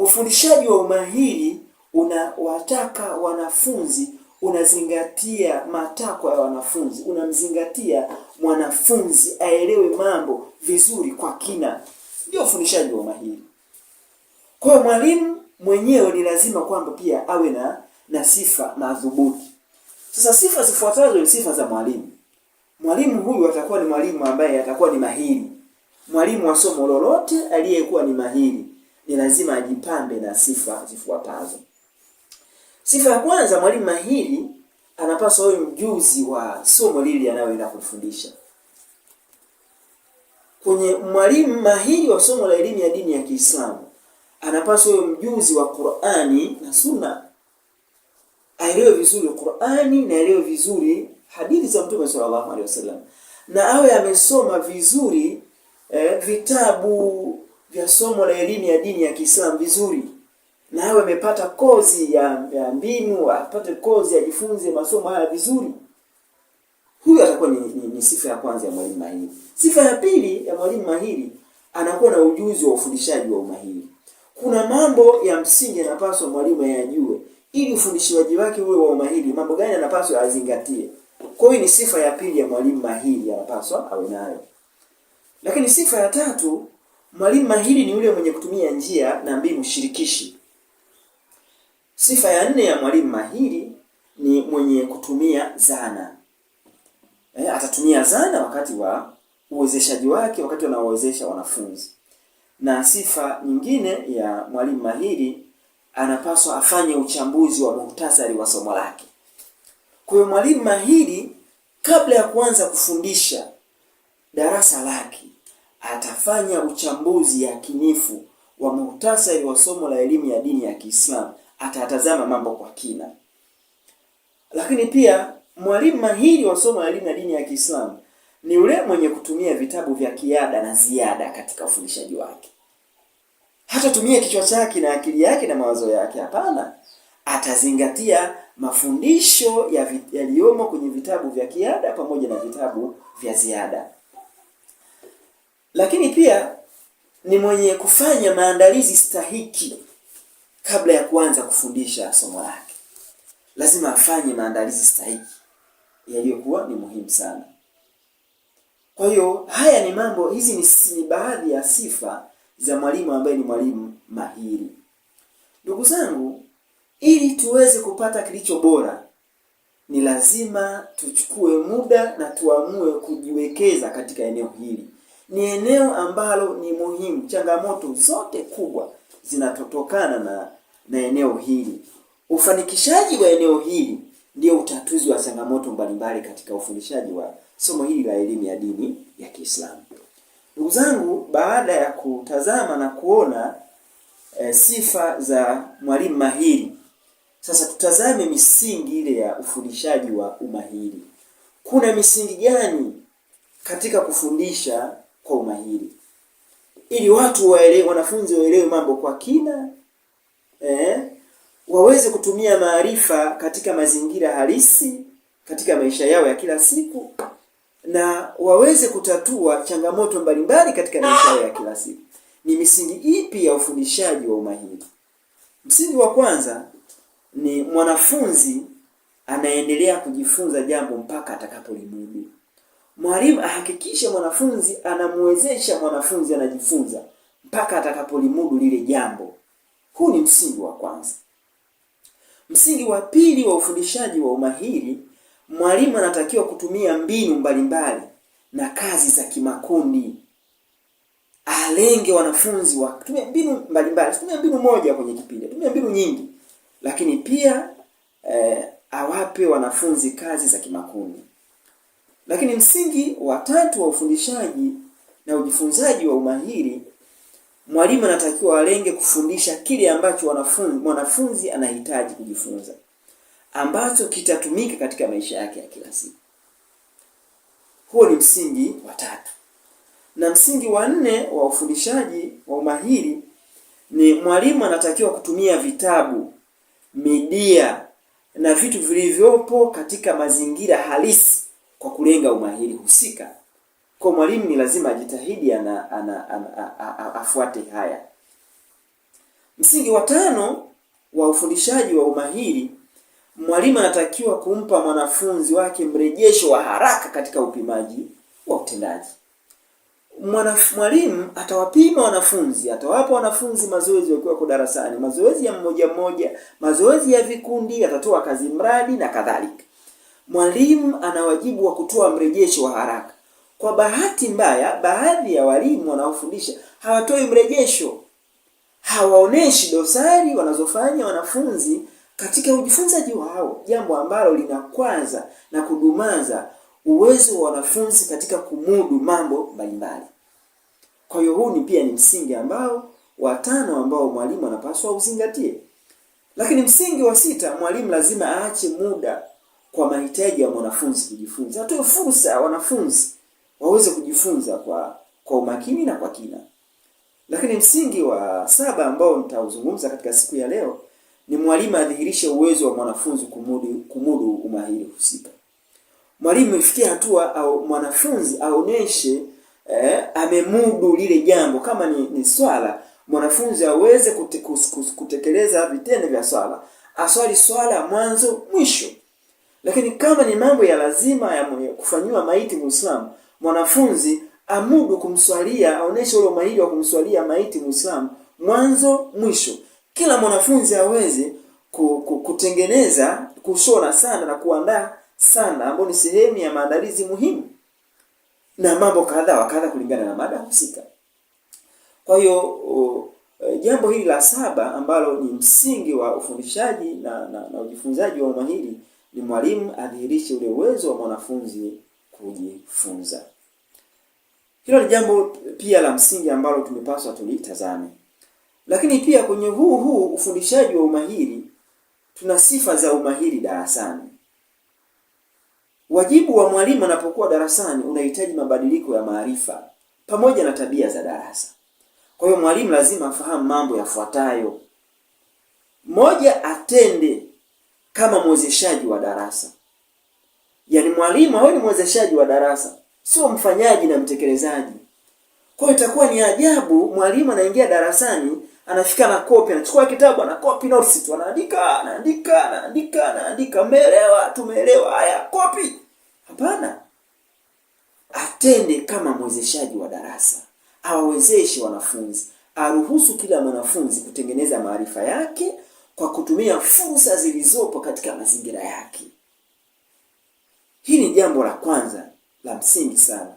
Ufundishaji wa umahiri unawataka wanafunzi, unazingatia matakwa ya wanafunzi, unamzingatia mwanafunzi aelewe mambo vizuri kwa kina, ndio ufundishaji wa umahiri. Kwa hiyo mwalimu mwenyewe ni lazima kwamba pia awe na na sifa madhubuti. Sasa sifa zifuatazo ni sifa za mwalimu. Mwalimu huyu atakuwa ni mwalimu ambaye atakuwa ni mahiri, mwalimu wa somo lolote aliyekuwa ni mahiri ni lazima ajipambe na sifa zifuatazo. Sifa ya kwanza, mwalimu mahiri anapaswa awe mjuzi wa somo lile anayoenda kufundisha. Kwenye mwalimu mahiri wa somo la elimu ya dini ya Kiislamu anapaswa awe mjuzi wa Qur'ani na Sunna, aelewe vizuri Qur'ani na aelewe vizuri hadithi za Mtume sallallahu alaihi wasallam, na awe amesoma vizuri eh, vitabu vya somo la elimu ya dini ya Kiislamu vizuri, na awe amepata kozi ya, ya mbinu, apate kozi ajifunze masomo haya vizuri. Huyu atakuwa ni, ni, ni sifa ya kwanza ya mwalimu mahiri. Sifa ya pili ya mwalimu mahiri anakuwa na ujuzi wa ufundishaji wa umahiri. Kuna mambo ya msingi yanapaswa mwalimu ayajue ili ufundishaji wake uwe wa umahiri. Mambo gani anapaswa azingatie? Kwa hiyo ni sifa ya pili ya mwalimu mahiri anapaswa awe nayo. Lakini sifa ya tatu Mwalimu mahiri ni yule mwenye kutumia njia na mbinu shirikishi. Sifa ya nne ya mwalimu mahiri ni mwenye kutumia zana. E, atatumia zana wakati wa uwezeshaji wake, wakati wanaowezesha wanafunzi. Na sifa nyingine ya mwalimu mahiri, anapaswa afanye uchambuzi wa muhtasari wa somo lake. Kwa hiyo mwalimu mahiri kabla ya kuanza kufundisha darasa lake atafanya uchambuzi yakinifu wa muhtasari wa somo la elimu ya dini ya Kiislamu, atatazama mambo kwa kina. Lakini pia mwalimu mahiri wa somo la elimu ya dini ya Kiislamu ni yule mwenye kutumia vitabu vya kiada na ziada katika ufundishaji wake. Hatatumia kichwa chake na akili yake na mawazo yake, hapana. Atazingatia mafundisho yaliyomo kwenye vitabu vya kiada pamoja na vitabu vya ziada lakini pia ni mwenye kufanya maandalizi stahiki kabla ya kuanza kufundisha somo lake. Lazima afanye maandalizi stahiki yaliyokuwa ni muhimu sana. Kwa hiyo haya ni mambo, hizi ni baadhi ya sifa za mwalimu ambaye ni mwalimu mahiri. Ndugu zangu, ili tuweze kupata kilicho bora, ni lazima tuchukue muda na tuamue kujiwekeza katika eneo hili ni eneo ambalo ni muhimu. Changamoto zote kubwa zinatotokana na, na eneo hili. Ufanikishaji wa eneo hili ndio utatuzi wa changamoto mbalimbali katika ufundishaji wa somo hili la elimu ya dini ya Kiislamu. Ndugu zangu, baada ya kutazama na kuona e, sifa za mwalimu mahiri, sasa tutazame misingi ile ya ufundishaji wa umahiri. Kuna misingi gani katika kufundisha kwa umahiri, ili watu waelewe, wanafunzi waelewe mambo kwa kina eh, waweze kutumia maarifa katika mazingira halisi katika maisha yao ya kila siku na waweze kutatua changamoto mbalimbali katika maisha yao ya kila siku. Ni misingi ipi ya ufundishaji wa umahiri? Msingi wa kwanza ni mwanafunzi anaendelea kujifunza jambo mpaka atakapolimudu. Mwalimu ahakikishe mwanafunzi anamwezesha mwanafunzi anajifunza mpaka atakapolimudu lile jambo. Huu ni msingi wa kwanza. Msingi wa pili wa ufundishaji wa umahiri, mwalimu anatakiwa kutumia mbinu mbalimbali na kazi za kimakundi. Alenge wanafunzi wa tumia mbinu mbalimbali, tumia mbinu moja kwenye kipindi, tumia mbinu nyingi, lakini pia eh, awape wanafunzi kazi za kimakundi. Lakini msingi wa tatu wa ufundishaji na ujifunzaji wa umahiri, mwalimu anatakiwa alenge kufundisha kile ambacho wanafunzi, mwanafunzi anahitaji kujifunza ambacho kitatumika katika maisha yake ya kila siku. Huo ni msingi wa tatu, na msingi wa nne wa ufundishaji wa umahiri ni mwalimu anatakiwa kutumia vitabu, midia na vitu vilivyopo katika mazingira halisi kwa kulenga umahiri husika. Kwa mwalimu ni lazima ajitahidi ana, ana, ana, ana, a, a, afuate haya. Msingi wa tano wa ufundishaji wa umahiri, mwalimu anatakiwa kumpa mwanafunzi wake mrejesho wa haraka katika upimaji wa utendaji. Mwalimu atawapima wanafunzi, atawapa wanafunzi mazoezi wakiwa kwa darasani, mazoezi ya mmoja mmoja, mazoezi ya vikundi, atatoa kazi mradi na kadhalika mwalimu ana wajibu wa kutoa mrejesho wa haraka. Kwa bahati mbaya, baadhi ya walimu wanaofundisha hawatoi mrejesho, hawaoneshi dosari wanazofanya wanafunzi katika ujifunzaji wao, jambo ambalo linakwaza na kudumaza uwezo wa wanafunzi katika kumudu mambo mbalimbali. Kwa hiyo huu ni pia ni msingi ambao watano ambao mwalimu anapaswa uzingatie. Lakini msingi wa sita, mwalimu lazima aache muda kwa mahitaji ya mwanafunzi kujifunza, atoe fursa ya wanafunzi waweze kujifunza kwa kwa umakini na kwa kina. Lakini msingi wa saba ambao nitauzungumza katika siku ya leo ni mwalimu adhihirishe uwezo wa mwanafunzi kumudu, kumudu umahiri husika. Mwalimu ifikie hatua au mwanafunzi aoneshe eh, amemudu lile jambo. Kama ni, ni swala, mwanafunzi aweze kute, kus, kus, kutekeleza vitendo vya swala, aswali swala mwanzo mwisho lakini kama ni mambo ya lazima ya kufanyiwa maiti Muislamu, mwanafunzi amudu kumswalia, aoneshe ule umahiri wa kumswalia maiti Muislamu mwanzo mwisho. Kila mwanafunzi aweze kutengeneza kushona sana na kuandaa sana, ambayo ni sehemu ya maandalizi muhimu na mambo kadha wa kadha kulingana na mada husika. Kwa hiyo e, jambo hili la saba ambalo ni msingi wa ufundishaji na, na, na ujifunzaji wa umahiri ni mwalimu adhihirishe ule uwezo wa mwanafunzi kujifunza. Hilo ni jambo pia la msingi ambalo tumepaswa tulitazame. Lakini pia kwenye huu huu ufundishaji wa umahiri, tuna sifa za umahiri darasani. Wajibu wa mwalimu anapokuwa darasani unahitaji mabadiliko ya maarifa pamoja na tabia za darasa. Kwa hiyo mwalimu lazima afahamu mambo yafuatayo: moja, atende kama mwezeshaji wa darasa. Yaani mwalimu awe ni mwezeshaji wa darasa, sio mfanyaji na mtekelezaji. Kwa hiyo itakuwa ni ajabu mwalimu anaingia darasani, anafika na kopi, anachukua kitabu, ana copy notes tu, anaandika, anaandika, anaandika, anaandika, Umeelewa? tumeelewa, haya copy. Hapana. Atende kama mwezeshaji wa darasa, awawezeshe wanafunzi, aruhusu kila mwanafunzi kutengeneza maarifa yake kwa kutumia fursa zilizopo katika mazingira yake. Hii ni jambo la kwanza la msingi sana.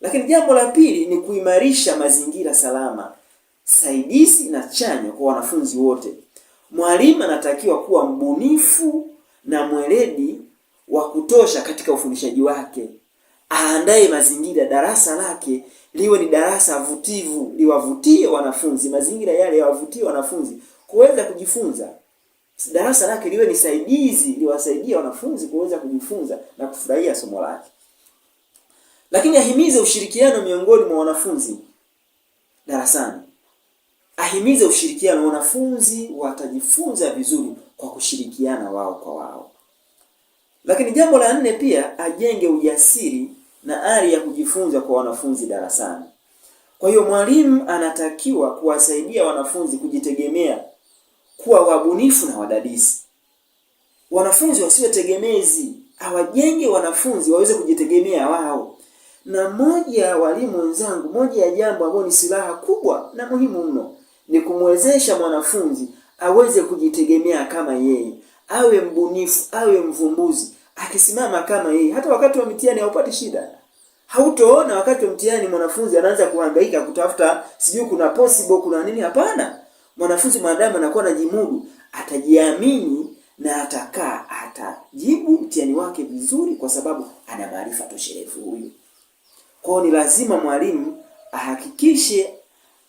Lakini jambo la pili ni kuimarisha mazingira salama, saidizi na chanya kwa wanafunzi wote. Mwalimu anatakiwa kuwa mbunifu na mweledi wa kutosha katika ufundishaji wake. Aandae mazingira darasa lake liwe ni darasa vutivu, liwavutie wanafunzi, mazingira yale yawavutie wanafunzi kuweza kujifunza, darasa lake liwe ni saidizi, liwasaidia wanafunzi kuweza kujifunza na kufurahia somo lake. Lakini ahimize ushirikiano miongoni mwa wanafunzi darasani, ahimize ushirikiano. Wanafunzi watajifunza vizuri kwa kushirikiana wao kwa wao. Lakini jambo la nne, pia ajenge ujasiri na ari ya kujifunza kwa wanafunzi darasani. Kwa hiyo mwalimu anatakiwa kuwasaidia wanafunzi kujitegemea kuwa wabunifu na wadadisi. Wanafunzi wasiwe tegemezi, awajenge wanafunzi waweze kujitegemea wao. Na moja ya walimu wenzangu, moja ya jambo ambalo ni silaha kubwa na muhimu mno ni kumwezesha mwanafunzi aweze kujitegemea kama yeye, awe mbunifu, awe mvumbuzi, akisimama kama yeye. Hata wakati wa mitihani haupati shida. Hautoona wakati wa mtihani mwanafunzi anaanza kuhangaika kutafuta, sijui kuna possible, kuna nini. Hapana. Mwanafunzi mwanadamu anakuwa anajimudu, atajiamini na atakaa, atajibu mtihani wake vizuri, kwa sababu ana maarifa tosherefu huyu. Kwa hiyo ni lazima mwalimu ahakikishe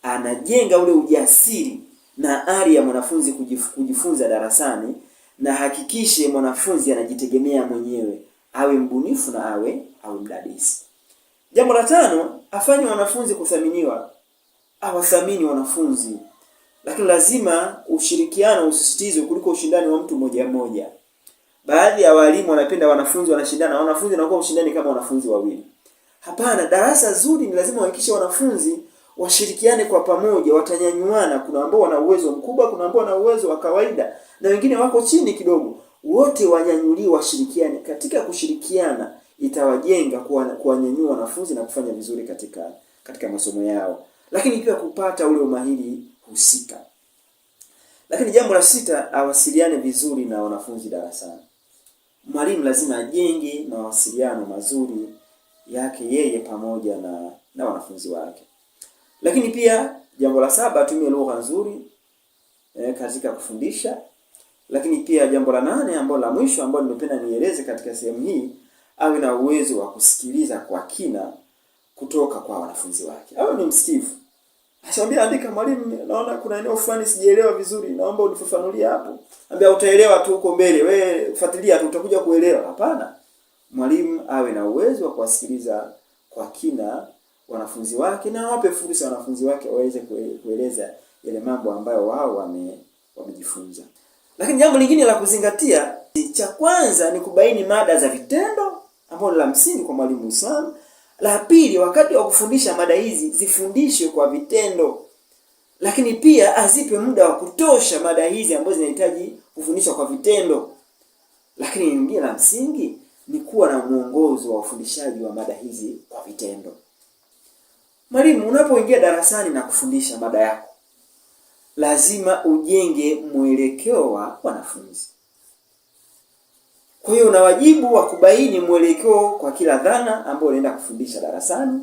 anajenga ule ujasiri na ari ya mwanafunzi kujifunza darasani, na hakikishe mwanafunzi anajitegemea mwenyewe, awe mbunifu na awe awe mdadisi. Jambo la tano, afanye wanafunzi kuthaminiwa, awathamini wanafunzi lakini lazima ushirikiano usisitizwe kuliko ushindani wa mtu mmoja mmoja. Baadhi ya walimu wanapenda wanafunzi wanashindana, wanafunzi wanakuwa ushindani kama wanafunzi wawili. Hapana, darasa zuri ni lazima uhakikishe wanafunzi washirikiane kwa pamoja, watanyanyuana. Kuna ambao wana uwezo mkubwa, kuna ambao wana uwezo wa kawaida, na wengine wako chini kidogo. Wote wanyanyuliwe, washirikiane. Katika kushirikiana itawajenga kuwanyanyua wanafunzi na kufanya vizuri katika katika masomo yao, lakini pia kupata ule umahiri husika. Lakini jambo la sita, awasiliane vizuri na wanafunzi darasani. Mwalimu lazima ajenge mawasiliano mazuri yake yeye pamoja na, na wanafunzi wake. Lakini pia jambo la saba, atumie lugha nzuri e, katika kufundisha. Lakini pia jambo la nane ambalo la mwisho ambalo nimependa nieleze katika sehemu hii, awe na uwezo wa kusikiliza kwa kina kutoka kwa wanafunzi wake. Awe ni msikivu. Asiambia andika, mwalimu, naona kuna eneo fulani sijielewa vizuri, naomba unifafanulie hapo. Ambia utaelewa tu huko mbele, wewe fuatilia tu utakuja kuelewa. Hapana. Mwalimu awe na uwezo wa kuwasikiliza kwa kina wanafunzi wake na wape fursa wanafunzi wake waweze kueleza yale mambo ambayo wao wame wamejifunza. Lakini jambo lingine la kuzingatia, cha kwanza ni kubaini mada za vitendo ambayo la msingi kwa mwalimu Uislamu la pili, wakati wa kufundisha mada hizi zifundishwe kwa vitendo, lakini pia azipe muda wa kutosha mada hizi ambazo zinahitaji kufundishwa kwa vitendo. Lakini nyingine la msingi ni kuwa na mwongozo wa ufundishaji wa mada hizi kwa vitendo. Mwalimu unapoingia darasani na kufundisha mada yako, lazima ujenge mwelekeo wa wanafunzi. Kwa hiyo una wajibu wa kubaini mwelekeo kwa kila dhana ambayo unaenda kufundisha darasani,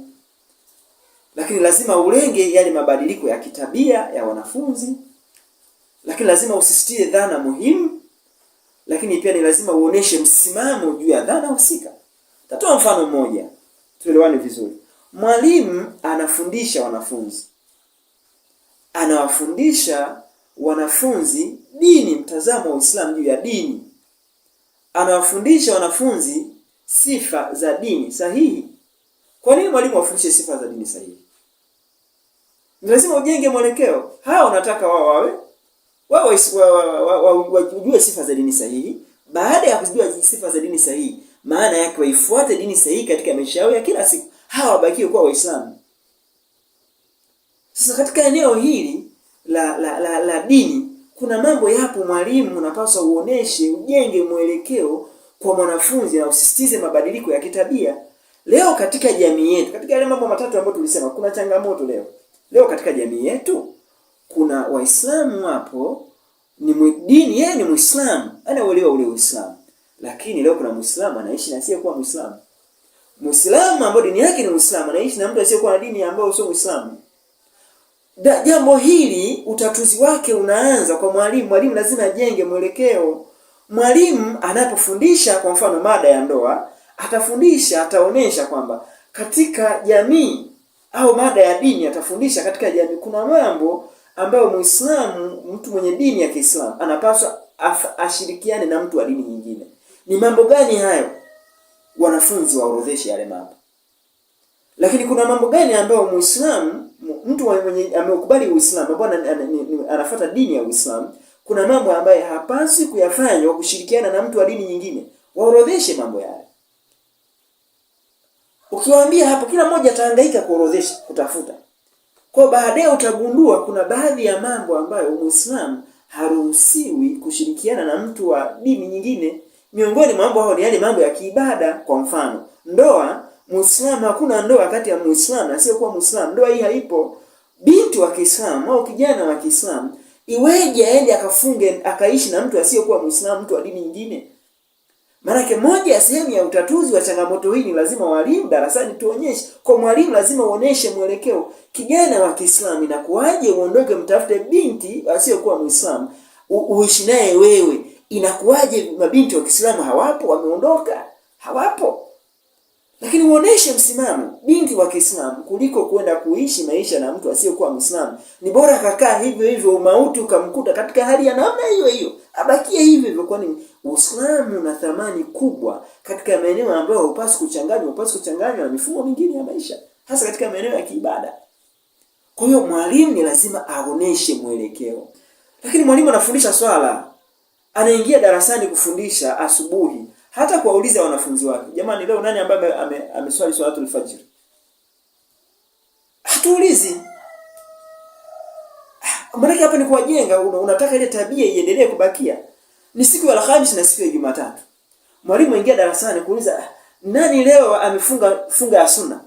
lakini lazima ulenge yale mabadiliko ya kitabia ya wanafunzi, lakini lazima usisitie dhana muhimu, lakini pia ni lazima uoneshe msimamo juu ya dhana husika. Tatoa mfano mmoja tuelewane vizuri. Mwalimu anafundisha wanafunzi, anawafundisha wanafunzi dini, mtazamo wa Uislamu juu ya dini anawafundisha wanafunzi sifa za dini sahihi. Kwa nini mwalimu afundishe sifa za dini sahihi? Ni lazima ujenge mwelekeo. Hawa unataka wao wawe wao wajue sifa za dini sahihi. Baada ya kujua sifa za dini sahihi, maana yake waifuate dini sahihi katika maisha yao ya kila siku, hawa wabakie kuwa Waislamu. Sasa katika eneo hili la la, la, la dini kuna mambo yapo, mwalimu, unapaswa uoneshe, ujenge mwelekeo kwa mwanafunzi na usisitize mabadiliko ya kitabia. Leo katika jamii yetu, katika yale mambo matatu ambayo tulisema, kuna changamoto leo. Leo katika jamii yetu kuna Waislamu hapo, ni dini, yeye ni Muislamu, anauelewa ule Uislamu, lakini leo kuna Muislamu anaishi na asiyekuwa Muislamu. Muislamu ambaye dini yake ni Uislamu anaishi na mtu asiyekuwa na dini ambayo sio Muislamu jambo hili utatuzi wake unaanza kwa mwalimu. Mwalimu lazima ajenge mwelekeo. Mwalimu anapofundisha kwa mfano mada ya ndoa, atafundisha ataonesha kwamba katika jamii au mada ya dini, atafundisha katika jamii kuna mambo ambayo Muislamu, mtu mwenye dini ya Kiislamu anapaswa ashirikiane na mtu wa dini nyingine. Ni mambo gani hayo? Wanafunzi waorodheshe yale mambo. Lakini kuna mambo gani ambayo Muislamu mtu mwenye ameukubali Uislamu ambaye anafuata dini ya Uislamu, kuna mambo ambaye hapaswi kuyafanya kwa kushirikiana na mtu wa dini nyingine. Waorodheshe mambo yale. Ukiwaambia hapo, kila mmoja atahangaika kuorodhesha, kutafuta. Kwa baadaye utagundua kuna baadhi ya mambo ambayo Muislamu haruhusiwi kushirikiana na mtu wa dini nyingine. Miongoni mwa mambo hao ni yale mambo ya kiibada, kwa mfano ndoa Muislamu, hakuna ndoa kati ya muislamu asiyekuwa muislamu. Ndoa hii haipo. Binti wa Kiislamu au kijana wa Kiislamu iweje aende akafunge akaishi na mtu asiyekuwa muislamu, mtu wa dini nyingine? Maanake moja ya sehemu ya utatuzi wa changamoto hii ni lazima walimu darasani tuonyeshe, kwa mwalimu lazima uoneshe mwelekeo. Kijana wa Kiislamu inakuwaje uondoke mtafute binti asiyekuwa muislamu uishi naye wewe? Inakuwaje mabinti wa Kiislamu hawapo, wameondoka, hawapo? Lakini uoneshe msimamo, binti wa Kiislamu, kuliko kwenda kuishi maisha na mtu asiyekuwa Muislamu. Ni bora kakaa hivyo hivyo, umauti ukamkuta katika hali ya namna hiyo hiyo, abakie hivyo hivyo, kwani Uislamu una thamani kubwa katika maeneo ambayo haupasi kuchanganywa, haupasi kuchanganywa na mifumo mingine ya maisha, hasa katika maeneo ya kiibada. Kwa hiyo mwalimu ni lazima aoneshe mwelekeo. Lakini mwalimu anafundisha swala, anaingia darasani kufundisha asubuhi hata kuwauliza wanafunzi wake, jamani, leo nani ambaye ameswali ame swalatul fajr? Hatuulizi. Ah, maanake hapa ni kuwajenga, unataka ile tabia iendelee kubakia. Ni siku ya Alhamis na siku ya Jumatatu, mwalimu aingia darasani kuuliza ah, nani leo amefunga funga ya sunna.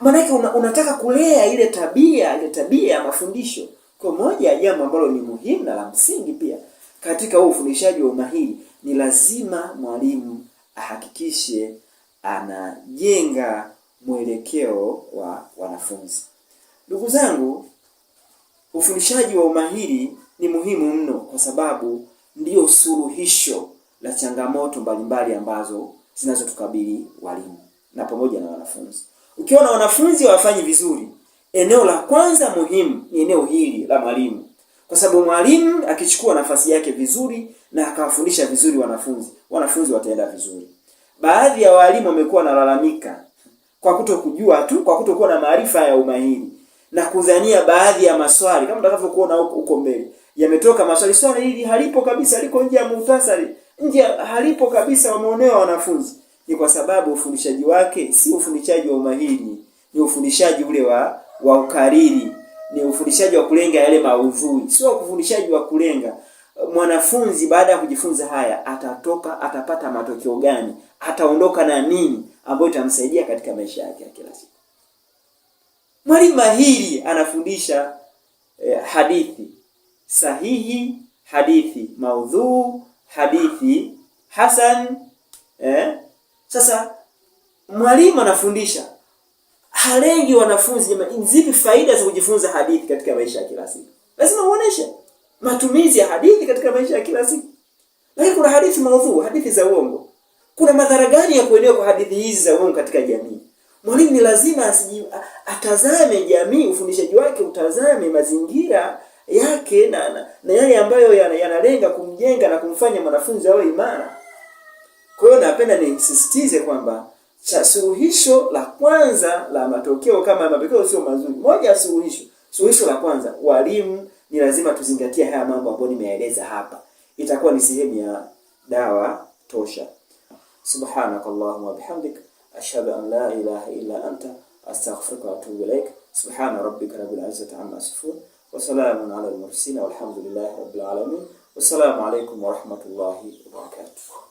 Maanake una, unataka kulea ile tabia ile tabia ya mafundisho. Kwa moja ya jambo ambalo ni muhimu na la msingi pia katika huu ufundishaji wa umahiri ni lazima mwalimu ahakikishe anajenga mwelekeo wa wanafunzi. Ndugu zangu, ufundishaji wa umahiri ni muhimu mno, kwa sababu ndio suluhisho la changamoto mbalimbali ambazo zinazotukabili walimu na pamoja na wanafunzi. Ukiona wanafunzi hawafanyi vizuri, eneo la kwanza muhimu ni eneo hili la mwalimu kwa sababu mwalimu akichukua nafasi yake vizuri na akawafundisha vizuri wanafunzi, wanafunzi wataenda vizuri. Baadhi ya walimu wamekuwa wanalalamika kwa kutokujua tu, kwa kutokuwa na maarifa ya umahiri na kudhania baadhi ya maswali, kama mtakavyokuona huko mbele, yametoka maswali, swali hili halipo kabisa, liko nje ya muhtasari, nje halipo kabisa, wameonewa wanafunzi. Ni kwa sababu ufundishaji wake si ufundishaji wa umahiri, ni ufundishaji ule wa wa ukariri ni ufundishaji wa kulenga yale maudhui, sio ufundishaji wa kulenga mwanafunzi baada ya kujifunza haya atatoka, atapata matokeo gani, ataondoka na nini ambayo itamsaidia katika maisha yake ya kila siku. Mwalimu mahiri anafundisha eh, hadithi sahihi, hadithi maudhuu, hadithi hasan eh. Sasa mwalimu anafundisha halengi wanafunzi, jamani, zipi faida za kujifunza hadithi katika maisha ya kila siku? Lazima uoneshe matumizi ya hadithi katika maisha ya kila siku. Lakini kuna hadithi maudhu, hadithi za uongo. Kuna madhara gani ya kuelewa kwa hadithi hizi za uongo katika jamii? Mwalimu ni lazima atazame jamii, ufundishaji wake utazame mazingira yake na na, na yale ambayo yanalenga yana kumjenga na kumfanya mwanafunzi awe imara. Kwa hiyo napenda nisisitize kwamba cha suluhisho la kwanza la matokeo kama matokeo sio mazuri. Moja ya suluhisho, suluhisho la kwanza, walimu ni lazima tuzingatie haya mambo ambayo nimeeleza hapa, itakuwa ni sehemu ya dawa tosha. Subhanakallahumma wa bihamdik ashhadu an la ilaha illa anta astaghfiruka wa atubu ilaik. Subhana rabbika rabbil izzati amma yasifun wa salamun ala al mursalin walhamdulillahi rabbil alamin. Wassalamu alaykum wa rahmatullahi wa barakatuh.